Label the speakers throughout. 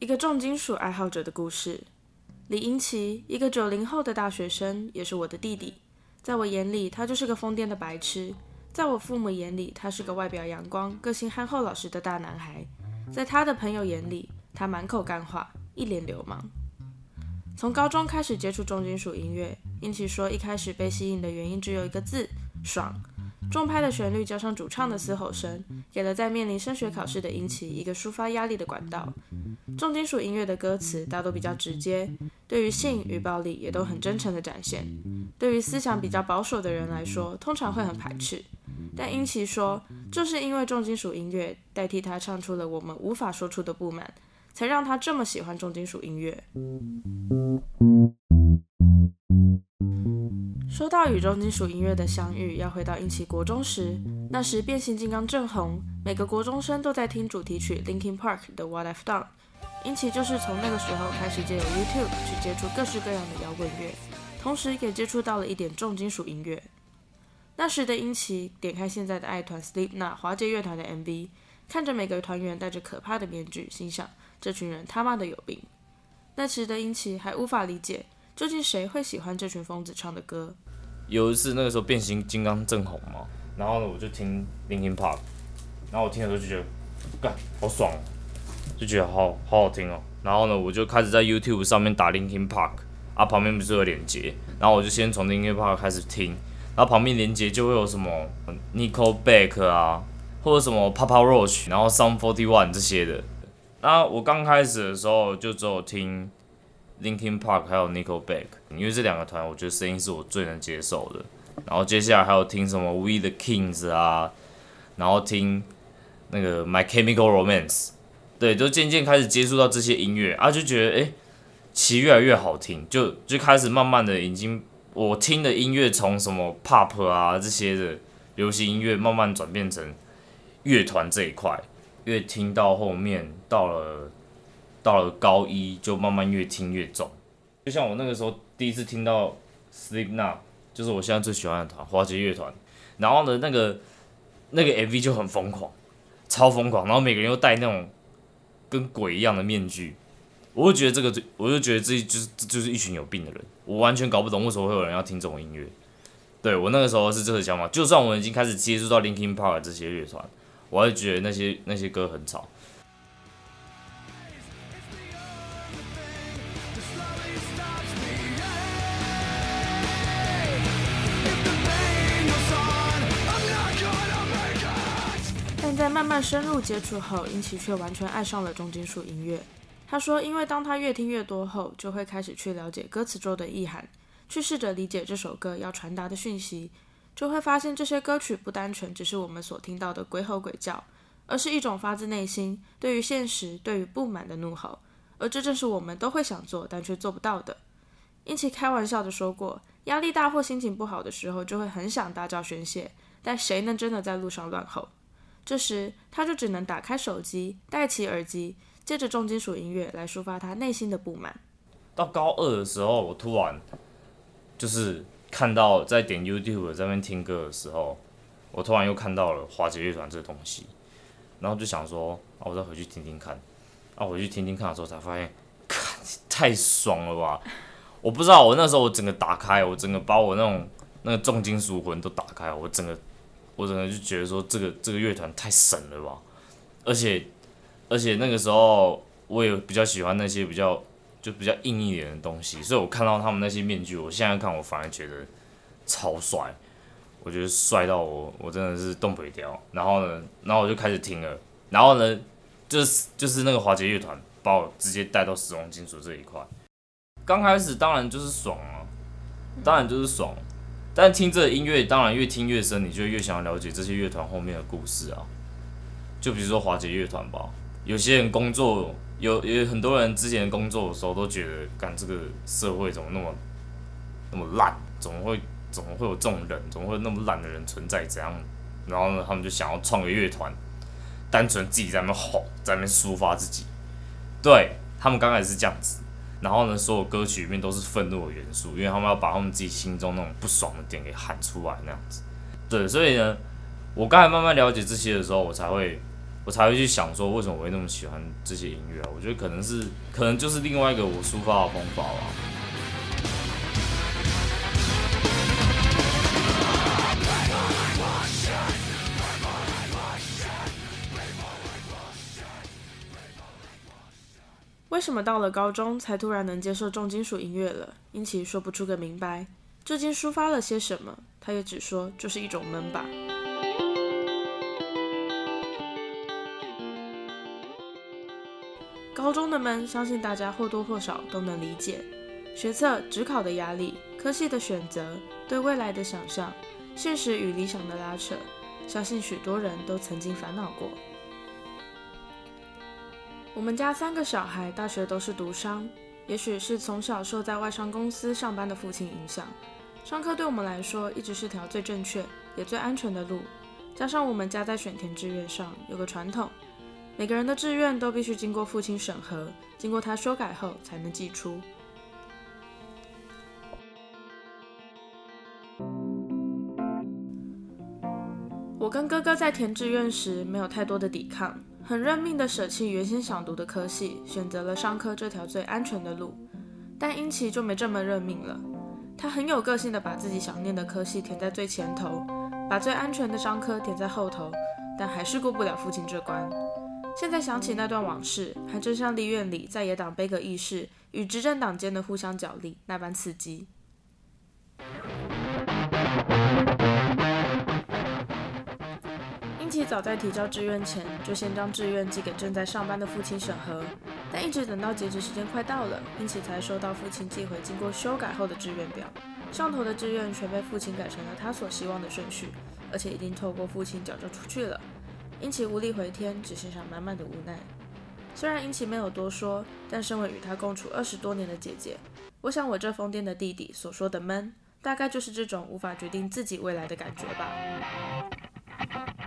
Speaker 1: 一個重金屬愛好者的故事。李英奇，一個九零後的大學生，也是我的弟弟。在我眼裡，他就是個瘋癲的白痴；在我父母眼裡，他是個外表陽光、個性憨厚、老實的大男孩；在他的朋友眼裡，他滿口幹話，一臉流氓。從高中開始接觸重金屬音樂，英奇說一開始被吸引的原因只有一個字：爽。重拍的旋律加上主唱的嘶吼聲，給了在面臨升學考試的英奇一個抒發壓力的管道。重金屬音樂的歌詞大多比較直接，對於性與暴力也都很真誠的展現。對於思想比較保守的人來說，通常會很排斥。但英奇說，就是因為重金屬音樂代替他唱出了我們無法說出的不滿，才讓他這麼喜歡重金屬音樂。說到與重金屬音樂的相遇，要回到英奇國中時，那時變形金剛正紅，每個國中生都在聽主題曲 Linkin Park 的 What I've Done。英奇就是從那個時候開始借由 YouTube 去接觸各式各樣的搖滾樂，同時也接觸到了一點重金屬音樂。那時的英奇點開現在的愛團 Slipknot 滑結樂團的 MV，看着每個團員戴着可怕的面具，心想這群人他媽的有病。那時的英奇還無法理解，究竟誰會喜歡這群瘋子唱的歌。
Speaker 2: 有一次那個時候變形金剛正紅嘛，然後呢，我就聽 Linkin Park，然後我聽的時候就覺得，幹，好爽啊。就覺得好好好，好聽哦，然後呢，我就開始在 YouTube 上面打 Linkin Park 啊，旁邊不是有鏈接然後我就先從 Linkin Park 開始聽，然後旁邊鏈接就會有什麼 Nickelback 啊，或者什麼 Papa Roach，然後 Sum 41這些的。那我剛開始的時候就只有聽 Linkin Park 還有 Nickelback，因為這兩個團我覺得聲音是我最能接受的。然後接下來還有聽什麼 We the Kings 啊，然後聽那個 My Chemical Romance。對，就漸漸開始接觸到這些音樂啊，就覺得誒，其、欸、實越來越好聽，就就開始慢慢的，已經我聽的音樂從什麼 pop 啊這些的流行音樂，慢慢轉變成樂團這一塊。越聽到後面到，到了到了高一，就慢慢越聽越重。就像我那個時候第一次聽到 Slipknot，就是我現在最喜歡的團——滑結樂團。然後呢、那個，那個那個 MV 就很瘋狂，超瘋狂，然後每個人又帶那種。跟鬼一樣的面具，我就覺得這個，我就覺得自己就是就是一群有病的人，我完全搞不懂為什麼會有人要聽這種音樂。對，我那個時候是這個想法，就算我已經開始接觸到 Linkin Park 的這些樂團，我還是覺得那些那些歌很吵。
Speaker 1: 慢慢深入接觸後，因其卻完全愛上了重金屬音樂。他說：“因為當他越聽越多後，就會開始去了解歌詞中的意涵，去試着理解這首歌要傳達的訊息，就會發現這些歌曲不單純只是我們所聽到的鬼吼鬼叫，而是一種發自內心對於現實、對於不滿的怒吼。而這正是我們都會想做但卻做不到的。”因其開玩笑地說過：“壓力大或心情不好的時候，就會很想大叫宣洩，但誰能真的在路上亂吼？”這時，他就只能打開手機，戴起耳機，借着重金屬音樂來抒發他內心的不滿。
Speaker 2: 到高二的時候，我突然就是看到在點 YouTube 在那邊聽歌的時候，我突然又看到了華姐樂團這個東西，然後就想說啊，我再回去聽聽看。啊，回去聽聽看的時候才發現，太爽了吧！ 我不知道，我那時候我整個打開，我整個把我那種那個重金屬魂都打開了，我整個。我真的就覺得說這個這個樂團太神了吧，而且而且那個時候我也比較喜歡那些比較就比較硬一點的東西，所以我看到他們那些面具，我現在看我反而覺得超帥，我覺得帥到我我真的是動不了。然後呢，然後我就開始聽了，然後呢就是就是那個滑結樂團把我直接帶到死亡金屬這一塊。剛開始當然就是爽啊，
Speaker 1: 當然
Speaker 2: 就是爽。但聽這個音樂，當然越聽越深，你就越想要了解這些樂團後面的故事啊。就比如說滑結樂團吧，有些人工作，有有很多人之前工作的時候都覺得，幹這個社會怎麼那麼那麼爛，怎麼會怎麼會有這種人，怎麼會那麼爛的人存在？怎樣？然後呢，他們就想要創個樂團，單純自己在那吼，在那抒發自己。對，他們剛開始是這樣子。然後呢，所有歌曲裡面都是憤怒的元素，因為他們要把他們自己心中那種不爽的點給喊出來那樣子。對，所以呢，我剛才慢慢了解這些的時候，我才會，我才會去想說，為什麼我會那麼喜歡這些音樂？我覺得可能是，可能就是另外一個我抒發的方法吧。
Speaker 1: 為什麼到了高中才突然能接受重金屬音樂了？因其說不出個明白。究竟抒發了些什麼？他也只說就是一種悶吧。高中的悶，相信大家或多或少都能理解：學測、指考的壓力，科系的選擇，對未來的想象，現實與理想的拉扯，相信許多人都曾經煩惱過。我們家三個小孩，大學都是讀商。也許是從小受在外商公司上班的父親影響，商科對我們來說一直是條最正確也最安全的路。加上我們家在選填志願上有個傳統，每個人的志願都必須經過父親審核，經過他修改後才能寄出。我跟哥哥在填志願時沒有太多的抵抗。很認命的捨棄原先想讀的科系，選擇了商科這條最安全的路。但因其就沒這麼認命了，他很有個性的把自己想念的科系填在最前頭，把最安全的商科填在後頭，但還是過不了父親這關。現在想起那段往事，還真像立院裡在野黨杯葛議事與執政黨間的互相角力那般刺激。早在提交志願前，就先將志願寄給正在上班的父親審核，但一直等到截止時間快到了，英奇才收到父親寄回經過修改後的志願表，上頭的志願全被父親改成了他所希望的順序，而且已經透過父親繳交出去了。英奇無力回天，只剩下滿滿的無奈。雖然英奇沒有多說，但身為與他共處二十多年的姐姐，我想我這瘋癲的弟弟所說的悶，大概就是這種無法決定自己未來的感覺吧。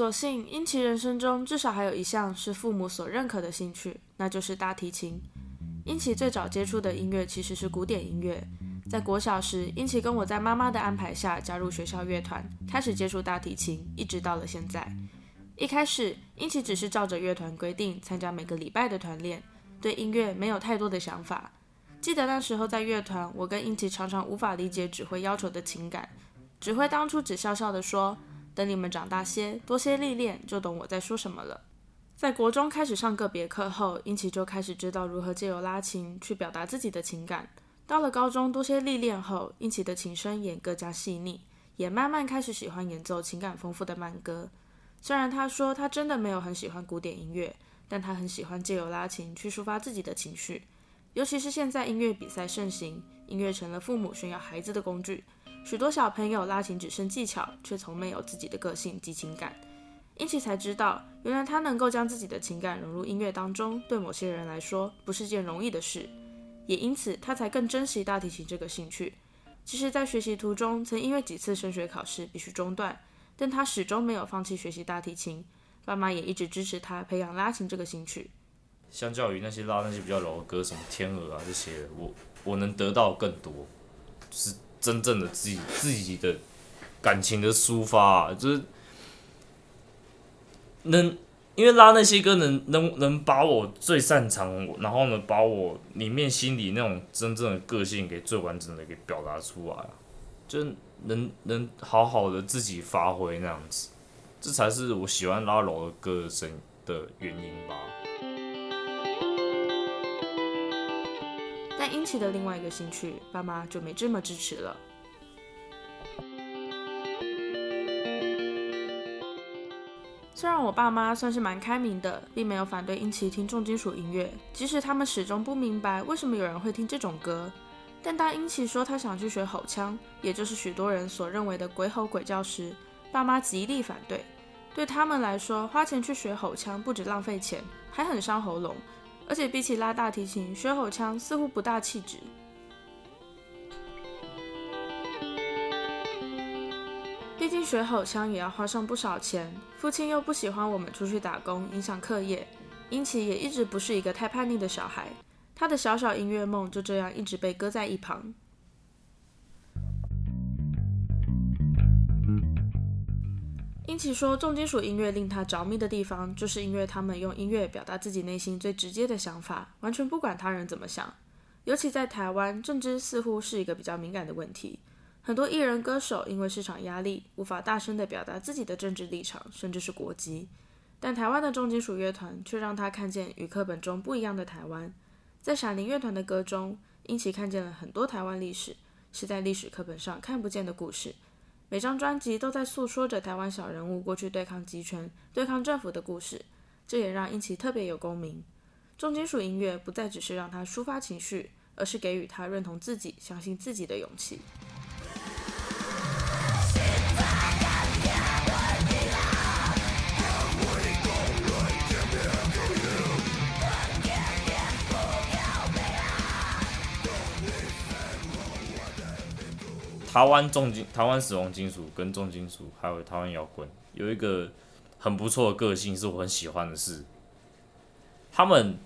Speaker 1: 所幸，殷琪人生中至少還有一項是父母所認可的興趣，那就是大提琴。殷琪最早接觸的音樂其實是古典音樂，在國小時，殷琪跟我在媽媽的安排下加入學校樂團，開始接觸大提琴，一直到了現在。一開始，殷琪只是照着樂團規定參加每個禮拜的團練，對音樂沒有太多的想法。記得那時候在樂團，我跟殷琪常常無法理解指揮要求的情感，指揮當初只笑笑地說。等你們長大些，多些歷練，就懂我在說什麼了。在國中開始上個別課後，英祈就開始知道如何借由拉琴去表達自己的情感到了高中，多些歷練後，英祈的琴聲也更加細膩，也慢慢開始喜歡演奏情感豐富的慢歌。雖然他說他真的沒有很喜歡古典音樂，但他很喜歡借由拉琴去抒發自己的情緒尤其是現在音樂比賽盛行，音樂成了父母炫耀孩子的工具。許多小朋友拉琴只剩技巧，卻從沒有自己的個性及情感。因此才知道，原來他能夠將自己的情感融入音樂當中，對某些人來說不是件容易的事。也因此，他才更珍惜大提琴這個興趣。其實，在學習途中，曾因為幾次升學考試必須中斷，但他始終沒有放棄學習大提琴。爸媽也一直支持他培養拉琴這個興趣。
Speaker 2: 相較於那些拉那些比較柔的歌，什麼天鵝啊這些，我我能得到更多，就是。真正的自己，自己的感情的抒發啊，就是能，因為拉那些歌能能能把我最擅長，然後呢把我裡面心裡那種真正的個性給最完整的給表達出來啊，就是能能好好的自己發揮那樣子，這才是我喜歡拉柔的歌聲的原因吧。
Speaker 1: 英奇的另外一個興趣，爸媽就沒這麼支持了。雖然我爸媽算是蠻開明的，並沒有反對英奇聽重金屬音樂，即使他們始終不明白為什麼有人會聽這種歌。但當英奇說他想去學吼腔，也就是許多人所認為的鬼吼鬼叫時，爸媽極力反對。對他們來說，花錢去學吼腔不止浪費錢，還很傷喉嚨。而且比起拉大提琴，學吼腔似乎不大氣質。畢竟學吼腔也要花上不少錢，父親又不喜歡我們出去打工影響課業。英奇也一直不是一個太叛逆的小孩，他的小小音樂夢就這樣一直被擱在一旁。因其說重金屬音樂令他着迷的地方，就是因為他們用音樂表達自己內心最直接的想法，完全不管他人怎麼想。尤其在台灣，政治似乎是一個比較敏感的問題，很多藝人歌手因為市場壓力，無法大聲地表達自己的政治立場，甚至是國籍。但台灣的重金屬樂團卻讓他看見與課本中不一樣的台灣。在閃靈樂團的歌中，因其看見了很多台灣歷史，是在歷史課本上看不見的故事。每張專輯都在訴說着台灣小人物過去對抗極權，對抗政府的故事，這也讓英奇特別有共鳴。重金屬音樂不再只是讓他抒發情緒，而是給予他認同自己、相信自己的勇氣。
Speaker 2: 台灣重金台灣死亡金屬跟重金屬，還有台灣搖滾，有一個很不錯的個性，是我很喜歡的是。是他們，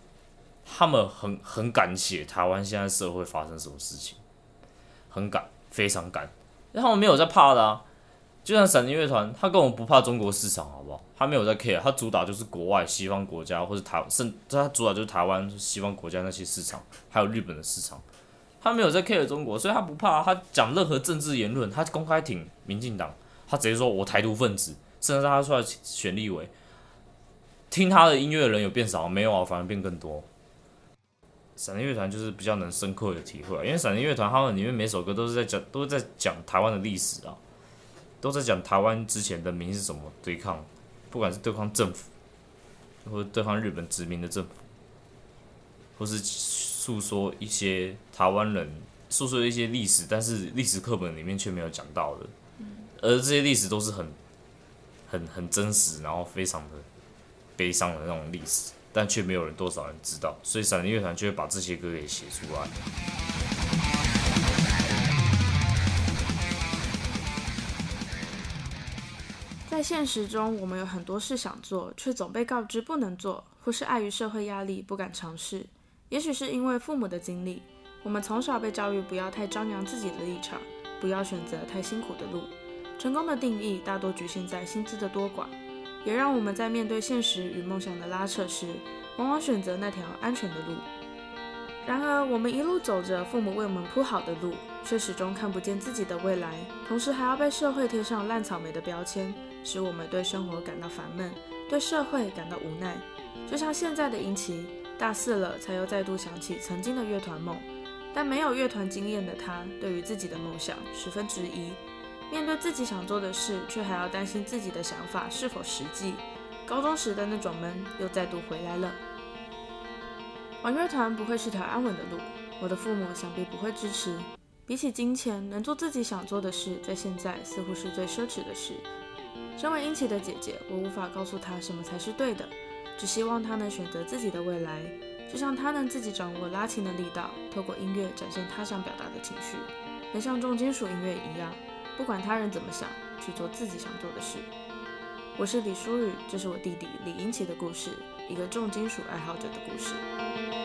Speaker 2: 他們很很敢寫台灣現在社會發生什麼事情，很敢，非常敢。他們沒有在怕的啊，就像閃電樂團，他根本不怕中國市場，好不好？他沒有在 care，他主打就是國外西方國家，或者他甚他主打就是台灣西方國家那些市場，還有日本的市場。他沒有在 care 中國，所以他不怕。他講任何政治言論，他公開挺民進黨，他直接說我台獨分子。甚至他出來選立委，聽他的音樂的人有變少？沒有啊，反而變更多。閃靈樂團就是比較能深刻的體會，因為閃靈樂團他們裡面每首歌都是在講，都是在講台灣的歷史啊，都在講台灣之前的民是怎麼對抗，不管是對抗政府，或者對抗日本殖民的政府，或是。訴說一些台灣人訴說的一些歷史，但是歷史課本裡面卻沒有講到的，而這些歷史都是很、很、很真實，然後非常的悲傷的那種歷史，但卻沒有人多少人知道，所以閃靈樂團就會把這些歌給寫出來。
Speaker 1: 在現實中，我們有很多事想做，卻總被告知不能做，或是礙於社會壓力不敢嘗試。也許是因為父母的經歷，我們從小被教育不要太張揚自己的立場，不要選擇太辛苦的路。成功的定義大多局限在薪資的多寡，也讓我們在面對現實與夢想的拉扯時，往往選擇那條安全的路。然而，我們一路走着父母為我們鋪好的路，卻始終看不見自己的未來，同時還要被社會貼上爛草莓的標籤，使我們對生活感到煩悶，對社會感到無奈。就像現在的英奇。大四了，才又再度想起曾經的樂團夢，但沒有樂團經驗的他，對於自己的夢想十分質疑。面對自己想做的事，卻還要擔心自己的想法是否實際，高中時的那種悶又再度回來了。玩樂團不會是條安穩的路，我的父母想必不會支持。比起金錢，能做自己想做的事，在現在似乎是最奢侈的事。身為英奇的姐姐，我無法告訴他什麼才是對的。只希望他能選擇自己的未來，就像他能自己掌握拉琴的力道，透過音樂展現他想表達的情緒，能像重金屬音樂一樣，不管他人怎麼想，去做自己想做的事。我是李書雨，這是我弟弟李英奇的故事，一個重金屬愛好者的故事。